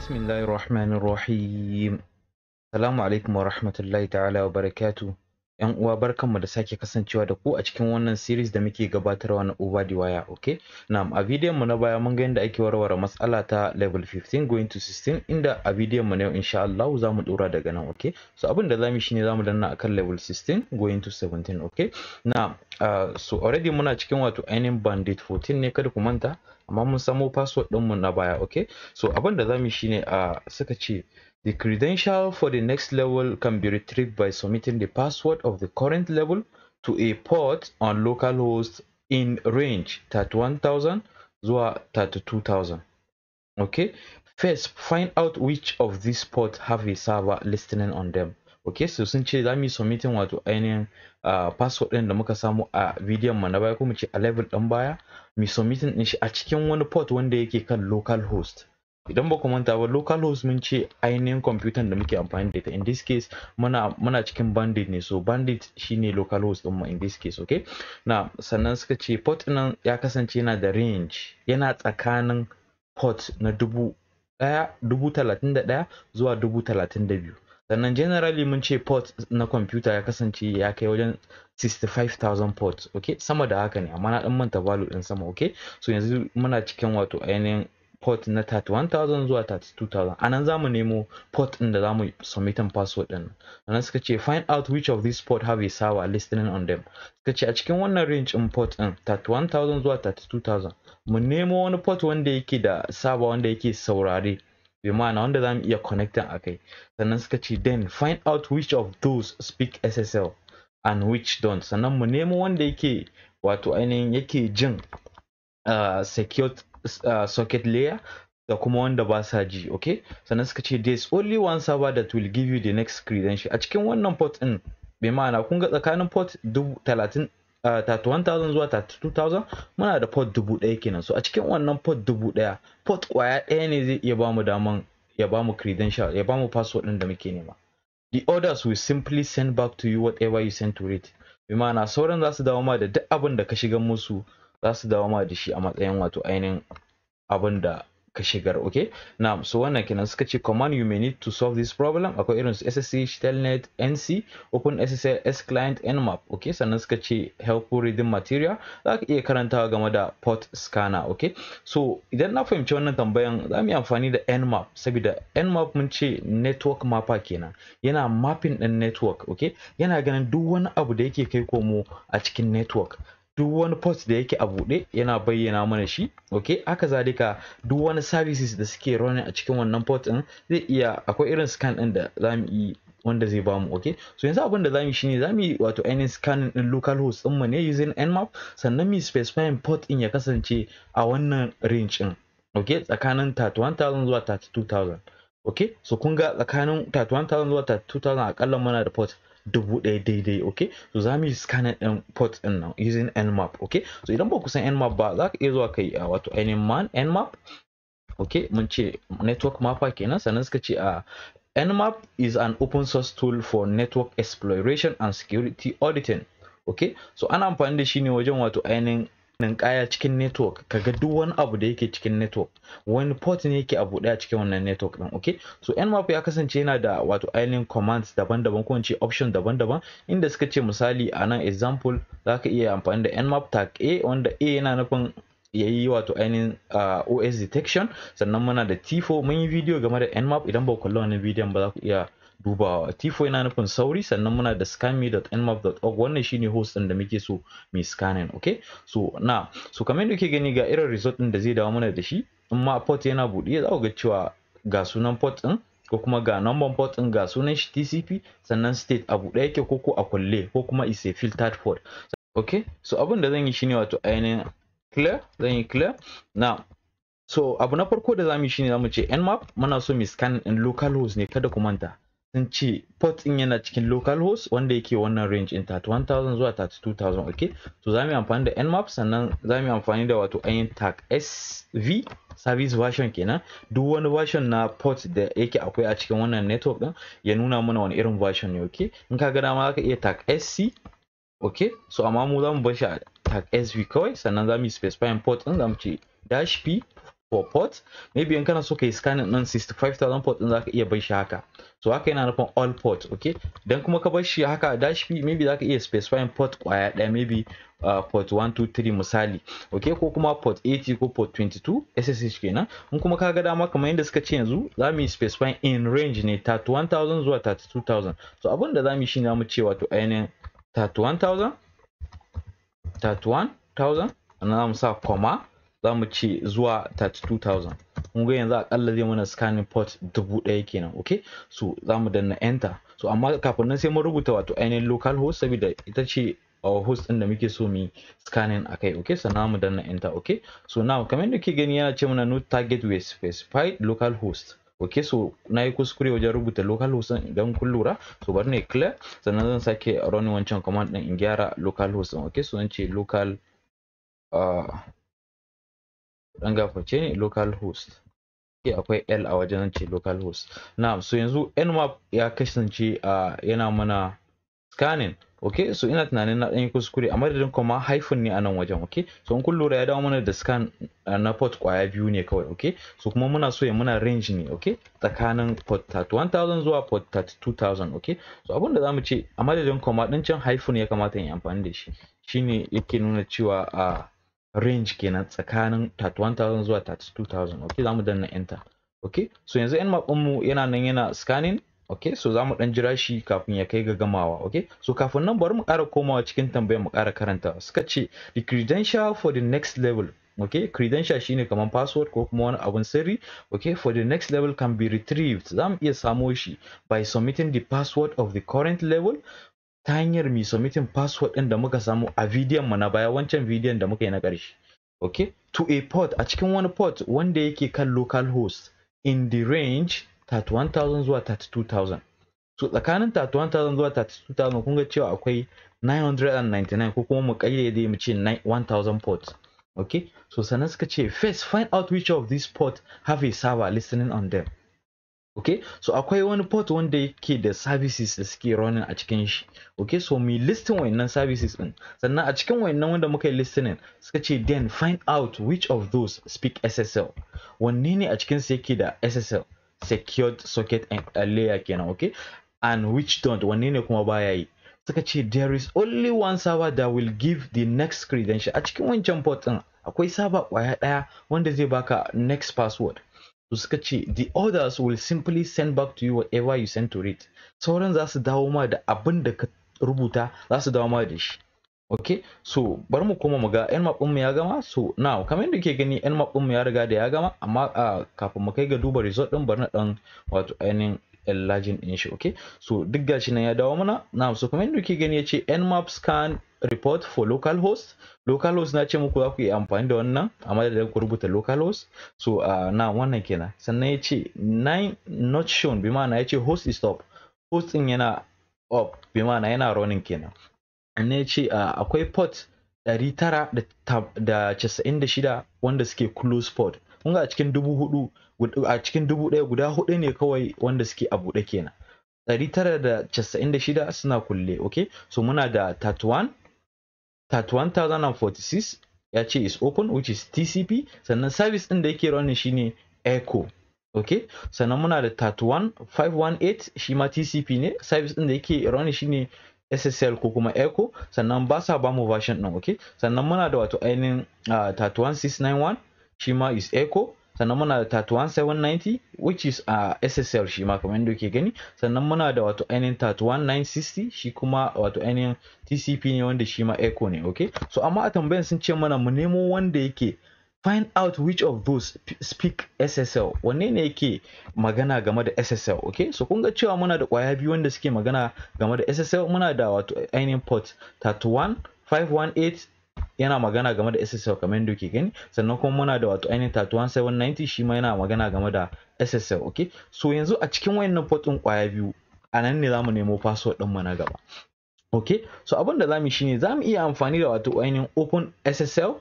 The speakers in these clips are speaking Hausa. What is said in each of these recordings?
بسم الله الرحمن الرحيم السلام عليكم ورحمة الله تعالى وبركاته 'yan uwa barkanmu da sake kasancewa da ku a cikin wannan series da muke gabatarwa na over the wire okay na'am a bidiyon mu na baya mun ga yadda ake warware matsala ta level 15 going to 16 inda a bidiyon mu na yau insha Allah za mu dora daga nan okay so abin da zamu shine zamu danna akan level 16 going to 17 okay na'am uh, so already muna cikin wato ainihin bandit 14 ne kada ku manta amma mun samo password din mu na baya okay so abin da zamu shine uh, suka ce The credential for the next level can be retrieved by submitting the password of the current level to a port on localhost in range 31,000 that 32,000. Okay, first find out which of these ports have a server listening on them. Okay, so since that means submitting what to any uh password in the muka samu a bidiyon which na baya a level ɗin baya mu submitting shi a cikin wani port wanda yake kan local host. idan ba ku manta ba local host mun ce ainihin computer da muke amfani da ita in this case muna muna cikin bandit ne so bandit shine local host din mu in this case okay na sannan suka ce port nan ya kasance yana da range yana tsakanin port na dubu daya dubu talatin da daya zuwa dubu talatin da biyu sannan generally mun ce port na computer ya kasance ya kai wajen 65,000 ports okay sama da haka ne amma na dan manta value din sama okay so yanzu muna cikin wato ainihin port na 31,000 zuwa 32,000 a nan za mu nemo port ɗin da za mu submitin password ɗin sannan suka ce find out which of these port have a server listening on them suka ce a cikin wannan range in port ɗin 31,000 zuwa 32,000 mu nemo wani port wanda yake da server wanda yake saurare bi ma'ana wanda za mu iya connecting a kai sannan suka ce then find out which of those speak SSL and which don't sannan mu nemo wanda yake wato ainihin yake jin uh, secure Uh, socket layer da kuma wanda ba sa ji okay sannan suka ce there's only one server that will give you the next credential a cikin wannan port din bai ma'ana kun ga tsakanin port 31,000 uh, zuwa 32,000 muna da port 1,000 kenan so a cikin wannan port 1,000 port kwaya ɗaya ne zai iya bamu daman ya bamu credential ya bamu password ɗin da muke nema the orders will simply send back to you whatever you send to it bi ma'ana sauran za su dawo ma da duk abin da ka shiga musu za su dawo ma da shi a matsayin wato ainihin abin da ka shigar okay na so wannan kenan suka ce command you may need to solve this problem akwai irin su ssh telnet nc open ssl s client nmap okay sannan suka ce helpful reading material za ka iya karantawa game da port scanner okay so idan na fahimci wannan tambayan za mu yi amfani da nmap saboda nmap mun ce network mapper kenan yana mapping din network okay yana ganin duk wani abu da yake kai komo a cikin network duk wani post da yake a buɗe yana bayyana mana shi okay haka zalika duk wani services da suke running a cikin wannan port din zai iya akwai irin scan din da zamu yi wanda zai bamu okay so yanzu abin da zamu shine zamu yi wato ainihin scanning din local host din mu ne using nmap sannan mu specify port din ya kasance a wannan range din okay tsakanin 31000 zuwa 32000 okay so kun ga tsakanin 31000 zuwa 32000 akalla muna da port dubu ɗaya daidai okay so za mu yi scanning ɗin port ɗin nan using nmap okay so idan ba ku san nmap ba za ka iya zuwa kai ah, wato ainihin man nmap okay mun ce network mapa kenan sannan suka ce a ah, nmap is an open source tool for network exploration and security auditing okay so ana amfani da shi ne wajen wato ainihin ninkaya cikin network kaga duk wani abu da yake cikin network wani port ne yake abu daya cikin wannan network din okay so nmap ya kasance yana da wato ainihin commands daban-daban ko ce option daban-daban inda suka ce misali a nan example zaka iya amfani da nmap tag a wanda a yana nufin ya yi wato ainihin ah, os detection sannan muna da t4 mun yi video game da nmap idan ba ku kalli wannan bidiyon ba za ku iya dubawa tifo yana nufin sauri sannan muna da scanme.nmap.org wannan shine host din da muke so mai scanning okay so na so kamar yadda kuke gani ga irin result din da zai dawo mana da shi in ma port yana buɗe za ku ga cewa ga sunan port din ko kuma ga number port din ga sunan shi TCP sannan state abu ɗaya yake ko ko a kulle ko kuma is a filtered port okay so abin da zan yi shine wato ainihin clear zan yi clear na so abu na farko da zamu yi shine zamu ce nmap muna so mu scan in localhost ne kada ku manta sun ce port in yana cikin local host wanda yake wannan range in 31,000 zuwa 32,000 ok so za mu amfani da nmap sannan za mu amfani da wato ayin tag sv service version kenan duk wani version na port da yake akwai a cikin wannan network din ya nuna mana wani irin version ne ok in ka ga dama ka iya tag sc ok so amma mu za mu bar shi a tag sv kawai sannan za mu yi specifying port din za mu ce dash p for port maybe in kana so kai scanning din 65000 port din zaka iya bar shi haka so haka yana nufin all port okay dan kuma ka bar shi haka dash p maybe zaka iya specify port kwaya daya maybe uh, port 123 misali okay ko kuma port 80 ko port 22 ssh kenan in kuma ka ga dama kamar yadda suka ce yanzu za mu yi in range ne 31000 zuwa 32000 so abin da za mu yi shine za mu ce wato ainihin 31000 31000 sannan za mu sa comma za mu ce zuwa 32,000 kun ga yanzu akalla zai mana scanning port dubu ɗaya kenan ok so za mu danna enter so amma kafin nan sai mun rubuta wato ainihin local host saboda ita ce a uh, host ɗin da muke so mu scanning akai kai okay sannan mu danna enter okay so now kamar yadda kuke gani yana ce mana no target with specified local host okay so na yi kuskure wajen rubuta local host idan kun lura so bari ne clear sannan zan sake running wancan command ɗin in gyara local host ɗin okay so zan ce local uh, dan gafarce ne local host akwai l a wajen ce local host na so yanzu nmap ya kasance a yana mana scanning ok so ina tunanin na ɗan yi kuskure a madadin kuma hyphen ne a nan wajen ok so in kun ya dawo mana da scan na port kwaya biyu ne kawai ok so kuma muna so ya muna range ne ok tsakanin port 31000 zuwa port 32000 ok so abin da mu ce a madadin kuma ɗin can hyphen ya kamata in yi amfani da shi shine yake nuna cewa a range kenan tsakanin 31000 zuwa 32000 okay zamu danna enter okay so yanzu in map mu yana nan yana scanning okay so zamu dan jira shi kafin ya kai ga gamawa okay so kafin nan bari mu ƙara komawa cikin tambayar mu ƙara karanta suka ce the credential for the next level okay credential shine kaman password ko kuma wani abun sirri okay for the next level can be retrieved zamu iya samo shi by submitting the password of the current level ta hanyar mi submitting password ɗin da muka samu a bidiyon mu na baya wancan bidiyon da muka yi na ƙarshe okay to a port a cikin wani port wanda yake kan local host in the range 31000 zuwa 32000 so tsakanin 31000 zuwa 32000 kun ga cewa akwai 999 ko kuma mu kayyade mu ce 1000 ports okay so sannan suka ce first find out which of these ports have a server listening on them okay so akwai wani port wanda yake da services da suke running a cikin shi okay so mu listin wayannan services din sannan a cikin wayannan wanda muka yi listening suka ce then find out which of those speak SSL wanne ne a cikin su yake da SSL secured socket and layer kenan okay and which don't wanne ne kuma baya yi suka ce there is only one server that will give the next credential a cikin wancan port din akwai server kwaya daya wanda zai baka next password to suka ce the others will simply send back to you whatever you send to read sauran za su dawo ma da abin da ka rubuta za su dawo ma da shi okay so bari mu koma mu ga yan map mu ya gama so now kamar yadda ke gani yan map mu ya riga da ya gama amma ah, kafin mu kai ga duba result din bari na dan wato ainihin enlarging din shi okay so duk gashi nan ya dawo mana na so kuma inda kuke gani yace nmap scan report for local-hot local host na ce muku za ku yi amfani da wannan a madadin ku rubuta host so uh, na wannan kenan sannan yace nine not shown bi ma'ana yace host is up host din yana up bi ma'ana yana running kenan sannan yace uh, akwai port 996 wanda suke close port kun ga a cikin dubu hudu a cikin dubu daya guda hudu ne kawai wanda suke a bude kenan Dari tara da casa'in da shida suna kulle ok so muna da 31,046 ya ce is open which is tcp sannan service ɗin da yake running shine echo ok sannan muna da 31,518 shi ma tcp ne service ɗin da yake running shine SSL ko kuma Echo sannan ba sa bamu version din okay sannan muna da wato ainihin uh, ah, 31691 shi ma is echo sannan muna da 31790 which is a uh, ssl shi ma kamar yadda ke gani sannan muna da wato ainihin 31960 shi kuma wato ainihin tcp ne wanda shi echo ne okay so amma a tambayan sun ce mana mu nemo wanda yake find out which of those speak SSL wanne ne yake magana game da SSL okay so kun ga cewa muna da kwaya biyu wanda suke magana game da SSL muna da wato ainihin port 31 yana magana game da SSL kamar ke gani sannan kuma muna da wato ainihin 31790 shi ma yana magana game da SSL okay so yanzu a cikin wayannan port din kwaya biyu a nan ne zamu nemo password din mu na gaba okay so abin da zamu shine zamu iya amfani da wato ainihin open SSL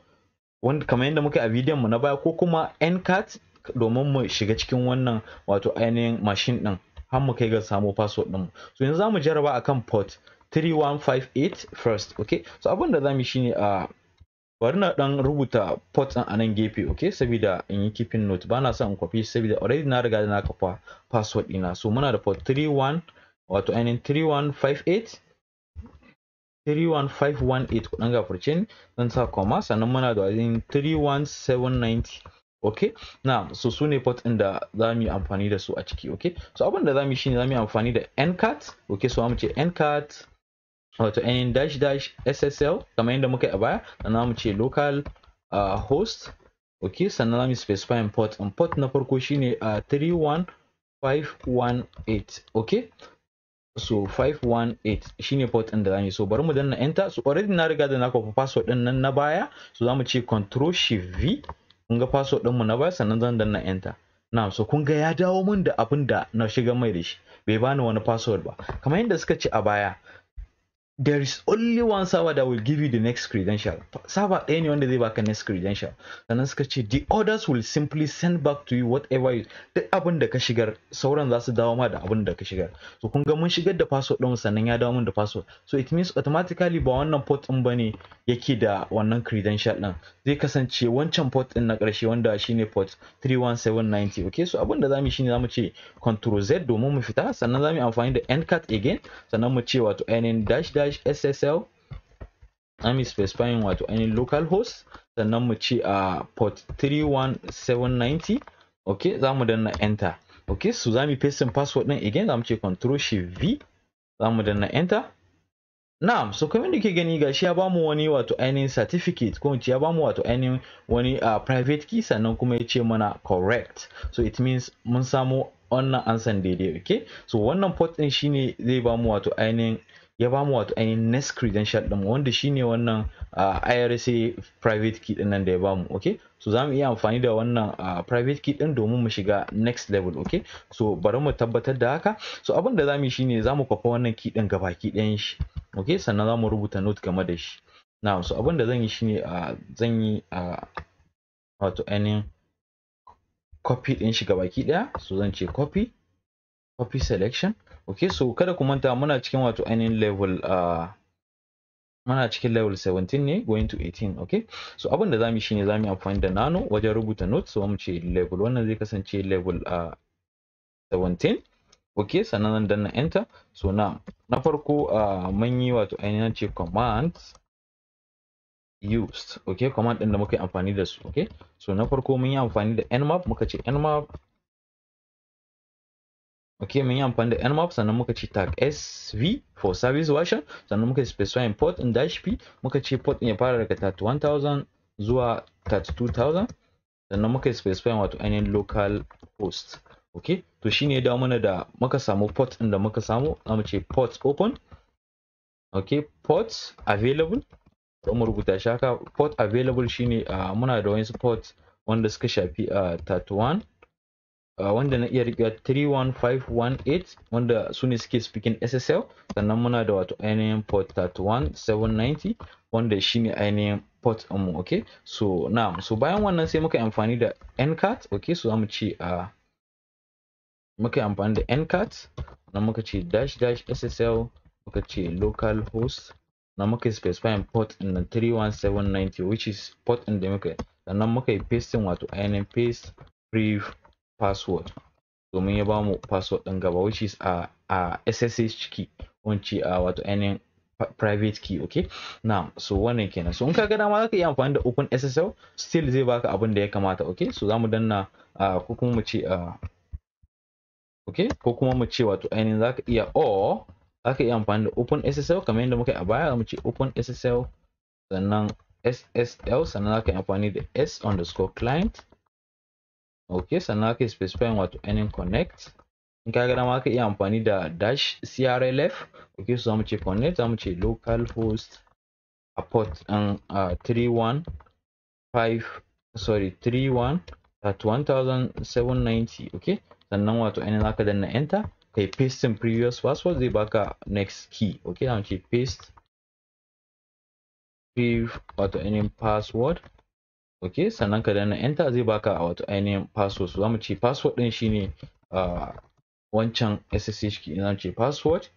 wanda kamar yadda muka a bidiyon mu na baya ko kuma ncat domin mu shiga cikin wannan wato ainihin machine din har mu kai ga samu password din mu so yanzu zamu jarraba akan port 3158 first okay so abin da zamu shine a bari na dan rubuta port din anan gefe okay saboda in yi keeping note ba na son copy saboda already na riga na kafa password dina so muna da port 31 wato ainin 3158 31518 kudin gafarce zan sa koma sannan muna da wajen 31790 ok na so su ne port da za mu yi amfani da su a ciki ok so abin da za mu yi shine za mu yi amfani da ncat ok so mu ce ncat wato ainihin dash dash ssl kamar yadda muka yi a baya sannan mu ce local uh, host ok sannan mu specify port import um, port na farko shine uh, 31518 ok so 518 shine port din da zamu so bari mu danna enter so already na riga da na kofa password din nan na baya so zamu ce control shift v kun ga password din mu na baya sannan zan danna enter na so kun ga ya dawo min da abin da na shiga mai da shi bai bani wani password ba kamar yadda suka ce a baya there is only one server that will give you the next credential server ɗaya ne wanda zai baka next credential sannan suka ce the others will simply send back to you whatever you duk abin da ka shigar sauran za su dawo ma da abin da ka shigar so kun ga mun shigar da password ɗin sannan ya dawo mun da password so it means automatically ba wannan port ɗin bane yake da wannan credential ɗin zai kasance wancan port ɗin na karshe wanda shine port 31790 okay so abin da zamu shine zamu ce control z domin mu fita sannan zamu amfani da cut again sannan mu ce wato nn dash dash slash ssl I'm specifying wato any local host sannan mu ce a port 31790 ok za mu na enter ok so za mu in password na, again za mu ce control shift v za mu na enter na'am so kamar da ke gani shi ya ba mu wani wato ainihin certificate ko ya ba mu wato ainihin wani uh, private key sannan kuma ya ce mana correct so it means mun samu wannan ansan daidai okay, so wannan port din shine zai mu wato ainihin ya ba mu wato ainihin next credential din wanda shine wannan ah, IRC private key din nan da ya ba mu okay so za mu iya amfani da wannan ah, private key din domin mu shiga next level okay so bari mu tabbatar da haka so abin da za mu yi shine za mu kwafa wannan key din gabaki ɗayan shi okay sannan za mu rubuta note game da shi now so abin da zan yi shine ah, zan yi wato ainihin copy din shi gabaki ɗaya so zan ce copy copy selection okay so kada ku manta muna cikin wato ainihin level uh, muna cikin level 17 ne going to 18 okay so abin da zamu shine mu amfani da nano wajen rubuta notes so mu ce level wannan zai kasance level uh, 17 okay sannan nan na enter so na na farko uh, mun yi wato ainihin ce command used okay command din da muka yi amfani da su okay so na farko mun yi amfani da nmap muka ce nmap ok mun yi amfani da nmap sannan muka ce tag sv for service version sannan muka specify port in dash p muka ce port ya fara daga 31000 zuwa 32000 sannan muka specify wato ainihin local host ok to shine ya da mana da muka samu port din da muka samu zamu ce port open ok port available to mu rubuta shi haka port available shine uh, muna da wani port wanda suka shafi uh, ah, 31 Ah, wanda na iya riga 31518 wanda su ne suke speaking SSL sannan muna da wato ainihin port 31790 wanda shine ainihin port mu okay so na so bayan wannan sai muka amfani da ncat okay so zamu ce a ah, muka amfani da ncat na muka ce dash dash SSL muka ce host, na muka specify port in 31790 which is port in da muka sannan muka yi pasting wato ainihin paste brief password domin ya bamu password ɗin gaba which is a a SSH key wanci a wato ainihin private key okay now so wannan kenan so in ka ga dama zaka iya amfani da open SSL still zai baka abin da ya kamata okay so zamu danna ko kuma mu ce okay ko kuma mu ce wato ainihin zaka iya or zaka iya amfani da open SSL kamar yadda muka yi a baya mu ce open SSL sannan SSL sannan zaka yi amfani da S underscore client ok sannan aka specifying wato earning connect in I'm ma ka iya amfani da dash crlf ok so zamu ce connect zamu ce localhost a port ɗin um, uh, 315 sorry 31 1790. ok so now wato ainihin going to enter Okay, paste in previous password the baka next key ok going to paste wato ainihin password ok sannan ka dana enter zai baka a wato ainihin password zamu ce password din shine ah, wancan ssh key zamu ce password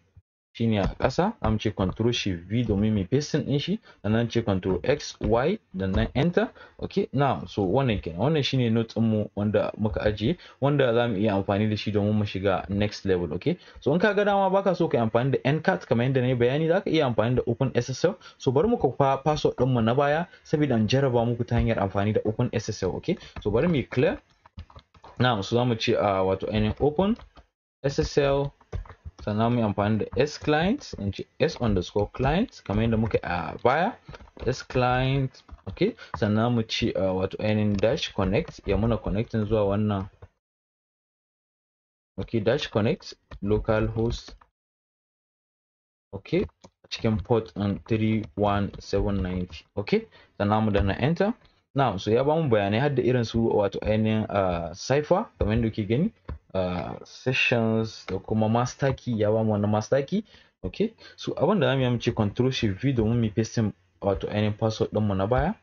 shine a ƙasa za mu ce control shift v domin mai pasting ɗin shi sannan ce control x y nan enter ok now so wannan kenan wannan shine note din mu wanda muka ajiye wanda za mu iya amfani da shi domin mu shiga next level ok so in ka ga dama baka so ka yi amfani da ncat kamar yadda na yi bayani za ka iya amfani da open ssl so bari mu kwa password ɗinmu mu na baya saboda in jaraba muku ta hanyar amfani da open ssl ok so bari mu clear now so za mu ce ah, wato ainihin open ssl sannan mu yi amfani da s client in ce s underscore client kamar yadda muka a baya s client ok sannan mu ci uh, wato ainihin dash connect ya muna connecting zuwa wannan ok dash connect host ok cikin port ɗin 31790 ok sannan mu dana enter now so ya bamu bayanai har da irin su wato ainihin uh, cipher kamar yadda kuke gani Uh, sessions da kuma master key ya bamu wannan master key okay so abin da zamu yi mu ce control shift v domin mu paste wato ainihin password din mu na baya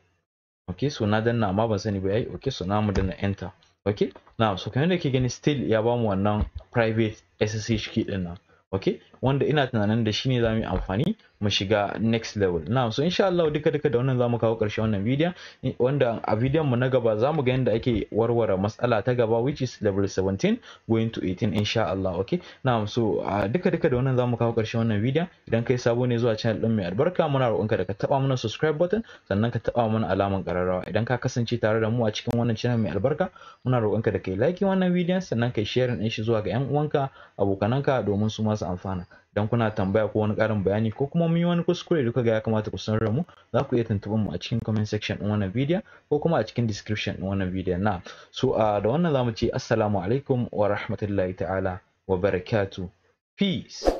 okay so na danna amma ban sani ba yayi okay so na mu danna enter okay now so kamar da kike gani still ya bamu wannan private ssh key din nan okay wanda ina tunanin da shi ne zamu yi amfani mu shiga next level now so insha Allah duka duka da wannan zamu kawo ƙarshen wannan video wanda a bidiyon mu na gaba zamu ga yadda ake warware matsala ta gaba which is level 17 going to 18 insha Allah okay now so duka duka da wannan zamu kawo ƙarshen wannan video idan kai sabo ne zuwa channel din mai albarka muna roƙonka da ka taba mana subscribe button sannan ka taba mana alaman ƙararrawa idan ka kasance tare da mu a cikin wannan channel mai albarka muna roƙonka da kai like wannan bidiyon sannan kai share din shi zuwa ga yan uwanka abokananka domin su masu amfana idan kuna tambaya ko wani ƙarin bayani ko kuma mun yi wani kuskure duka ga ya kamata ku sanar mu za ku iya tuntuɓar mu a cikin comment section ɗin wannan video ko kuma a cikin description ɗin wannan video na so da wannan za mu ce assalamu alaikum wa rahmatullahi ta'ala wa barakatuh peace